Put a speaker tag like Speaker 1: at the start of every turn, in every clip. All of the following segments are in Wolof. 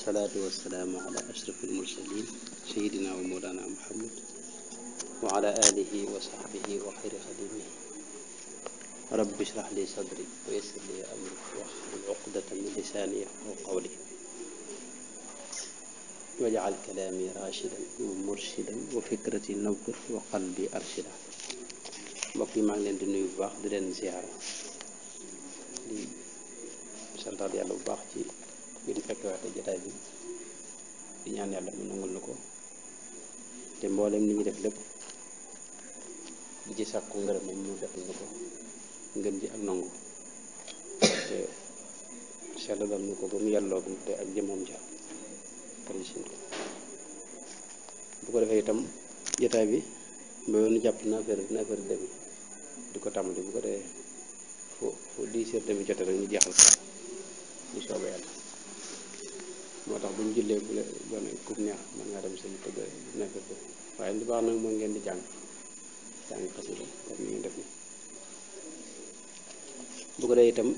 Speaker 1: والصلاة والسلام على أشرف المرسلين سيدنا ومولانا محمد وعلى آله وصحبه وخير خديمه رب اشرح لي صدري ويسر لي أمري واحلل عقدة من لساني أو قولي واجعل كلامي راشدا ومرشدا وفكرتي نور وقلبي أرشدا وفي معنى الدنيا ngi leen ngir fekkewaate jataay bi di ñaan yàlla mu nangul nu ko te mboolem ni ñu def lépp di ci sàkku ngërëm mu defal nu ko ngën ji ak nangu te sellalal nu ko ba mu yàlloo bu te ak jëmam ja bu ko defee itam jataay bi mbéy nu jàpp na affaire na affaire demi di ko tàmbali bu ko defee fo fo dix demi jote rek ñu jeexal ko ñu soobee yàlla moo tax bu ñu jullee bu doon ku neex mën dem seen tëgg nekk ko waaye li baax nag mooy ngeen di jàng jàng xasida comme ni ñu def ni bu ko dee itam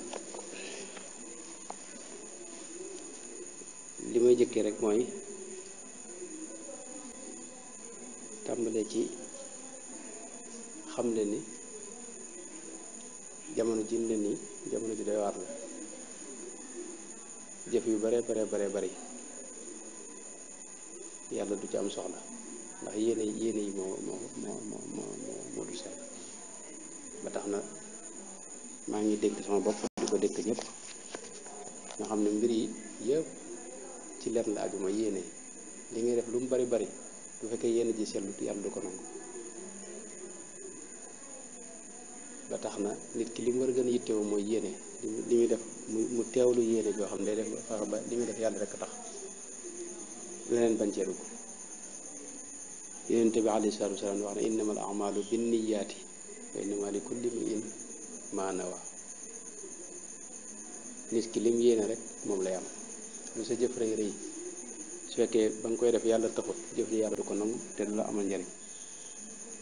Speaker 1: li may jëkkee rek mooy tàmbalee ci xam le ni jamono ji ne ni jamono ji doy waar la jëf yu bare bare bare bari yàlla du ci am soxla ndax yéene yéene yi moo moo moo moo moo du sell ba tax na maa ngi dénk sama bopp di ko dénk ñépp nga xam ne mbir yi yëpp ci lenn la aju ma yéene li ngay def lu mu bari bari bu fekkee yéene ji sellut yàlla du ko nangu ba tax na nit ki li mu war a gën a yittewoo mooy yéene li muy def mu mu teewlu yéene joo xam ne day def ba li muy def yàlla rek tax leneen bañ ko dugg yonent bi alayhi salaatu wasalaam wax ne innamal a'maalu binniyaati wa innamaa li kulli imri'in maa nawaa nit ki lim yéene rek moom lay am lu sa jëf rëy fekkee ba nga koy def yàlla taxut jëf ji yàlla ko nangu te la amal njariñ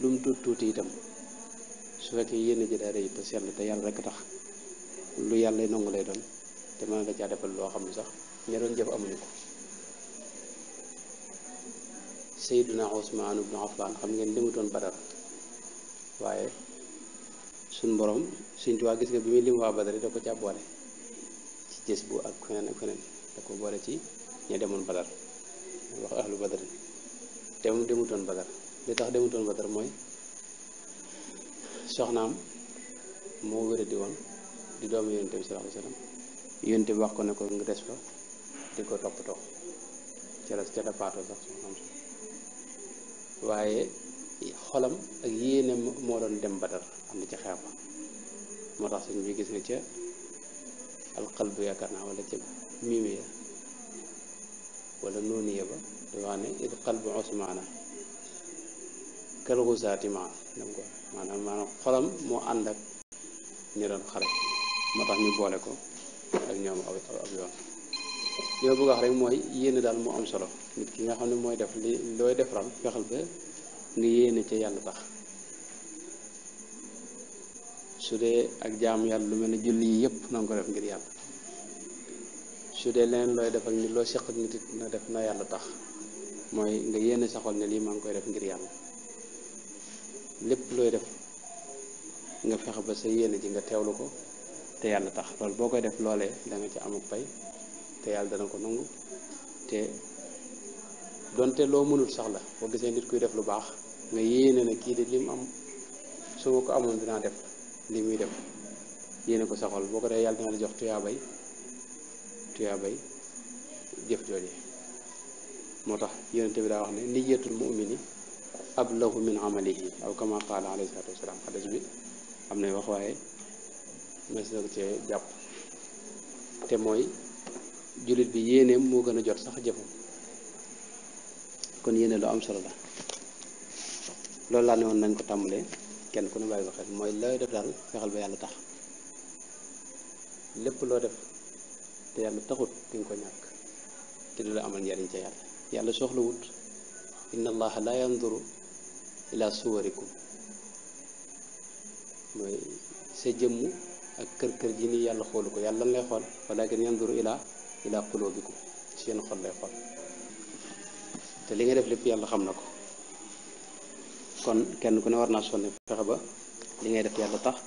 Speaker 1: lu mu tuut tuuti itam su fekkee yéene ji daa rëy te sell te yàlla rek tax lu yàlla nangu lay doon te mën nga caa defal loo xam ne sax ña doon jëf amuñu ko Seydina Usmaan ibnu Affaan xam ngeen li mu doon Badar waaye suñ borom suñ tuwaa gis nga bi muy lim waa Badar da ko caa boole ci gis bu ak feneen ak feneen da ko boole ci ña demoon Badar wax ahlu Badar te mu demutoon Badar li tax demutoon Badar mooy soxnaam moo wéradi woon di doom yonente bi sallallahu alayhi wasallam yonente bi wax ko ne ko nga des fa di ko toppatoo ca la ca la faatoo sax soxna am waaye xolam ak yéene moo doon dem Badar am na ca xew moo tax sëñ bi gis nga ca alqalbu yaakaar naa wala ca miimi ya wala noonu ya ba di wax ne il qalbu osmaana kël xusaati maana maanaam maanaam xolam moo ànd ak ñu doon xare moo tax ñu boole ko ak ñoom ab ab yoon li ma bëgg rek mooy yéene daal moo am solo nit ki nga xam ne mooy def li looy defaral fexeel ba nga yéene ca yàlla tax su dee ak jaamu yàlla lu mel ne julli yi yëpp na nga ko def ngir yàlla su dee leneen looy defal nit loo seq ak nit na def na yàlla tax mooy nga yéene sa xol ne lii maa ngi koy def ngir yàlla lépp looy def nga fexe ba sa yéene ji nga teew teewlu ko te yàlla tax loolu boo koy def loolee da nga ci amuk pay te yàlla dana ko nangu te donte loo mënul sax la boo gisee nit kuy def lu baax nga yéene na kii de lim am su ko amoon dinaa def li muy def yéene ko saxol boo ko dee yàlla dina la jox tuyaabay tuyaabay jëf jooje moo tax yonente bi daa wax ne niyatul mumini ablahu min amalihi aw kama qaala alayhi salaatu wasalaam xadis bi am nay wax waaye mais na ko cee jàpp te mooy jullit bi yéeneem moo gën a jot sax jëfam kon yéene lu am solo la loolu laa ne woon nañ ko tàmbalee kenn ku ne bàyyi ko xel mooy looy def daal fexeel ba yàlla tax lépp loo def te yàlla taxut di ko ñàkk te du la amal njariñ ca yàlla yàlla soxlawut inna allaha la yanduru ila suwarikum mooy sa jëmm ak kër kër ji nii yàlla xoolu ko yàlla lan lay xool walakin yanduru ila ila qulubikum ci seen xol lay xool te li nga def lépp yàlla xam na ko kon kenn ku ne war naa sonne fexe ba li ngay def yàlla tax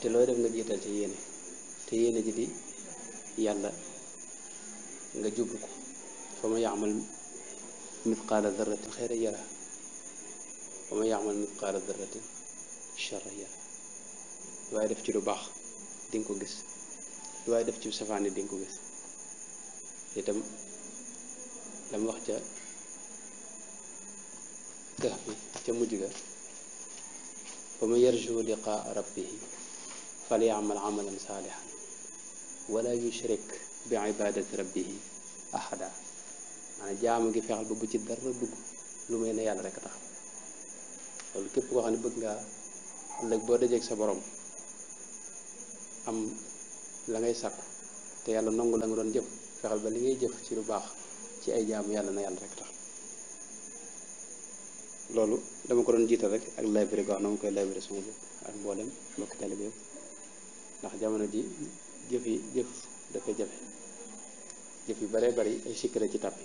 Speaker 1: te looy def nga jiital ci yéene te yéene ji di yàlla nga jublu ko fa ma yaamal mitqaala darratin xayran yara fa ma yaamal mitqaala darratin charran yara lu waay def ci lu baax di nga ko gis lu waay def ci safaane di nga ko gis itam lam wax ca dex bi ca mujj ga fa man yarju liqaa rabbihi falyamal amalan saalixan wala yushrik bi ibadati rabbihi ahada maanaam jaamu ngi fexal ba bu ci dara dugg lu may ne yàlla rek tax loolu képp koo xam ne bëgg ngaa ëllëg boo dajee ak sa borom am la ngay sakku te yalla nangul la nga doon jëf fexal ba li ngay jëf ci lu baax ci ay jaamu yalla na yalla rek tax loolu dama ko doon jital rek ak laybiri ko xam ne ma koy laybiri sama bopp ak mboolem mbokk talib yëpp ndax jamono ji jëf yi jëf da jafe jëf yi bare bare ay secret ci tapi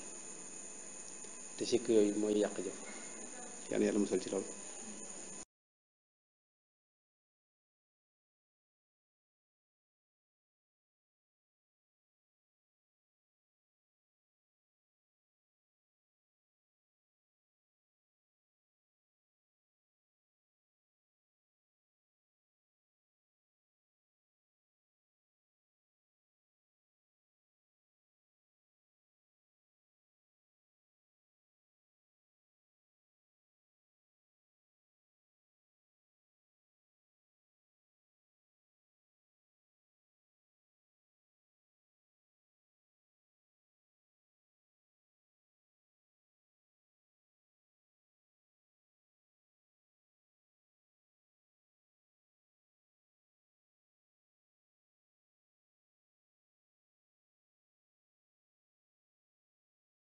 Speaker 1: te sikk yoy moy yak jëf yalla yalla musal ci loolu